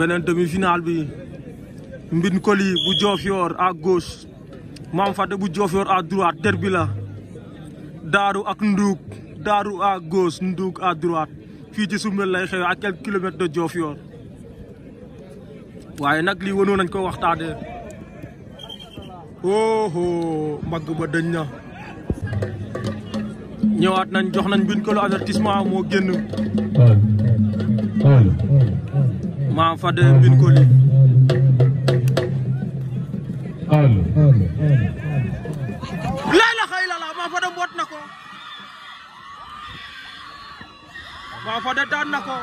beneen demi-finale bi Mbine Coly bu Diofior à gauche Mame Fadé bu Diofior à droite Derbila Daaru ak Nduuk Daaru à gauche Nduuk à droite fii ci Sumbel lay xew à quelques kilomètres de Diofior waaye nag li wanoon nañ ko waxtaade oho oh, mbagg ba dañ na ñëwaat nañ jox nañ Mbine Coly avertissement moo génn ma fade mbin koli alo la ilaha illallah ma fade mbot na ko ma fade daan na ko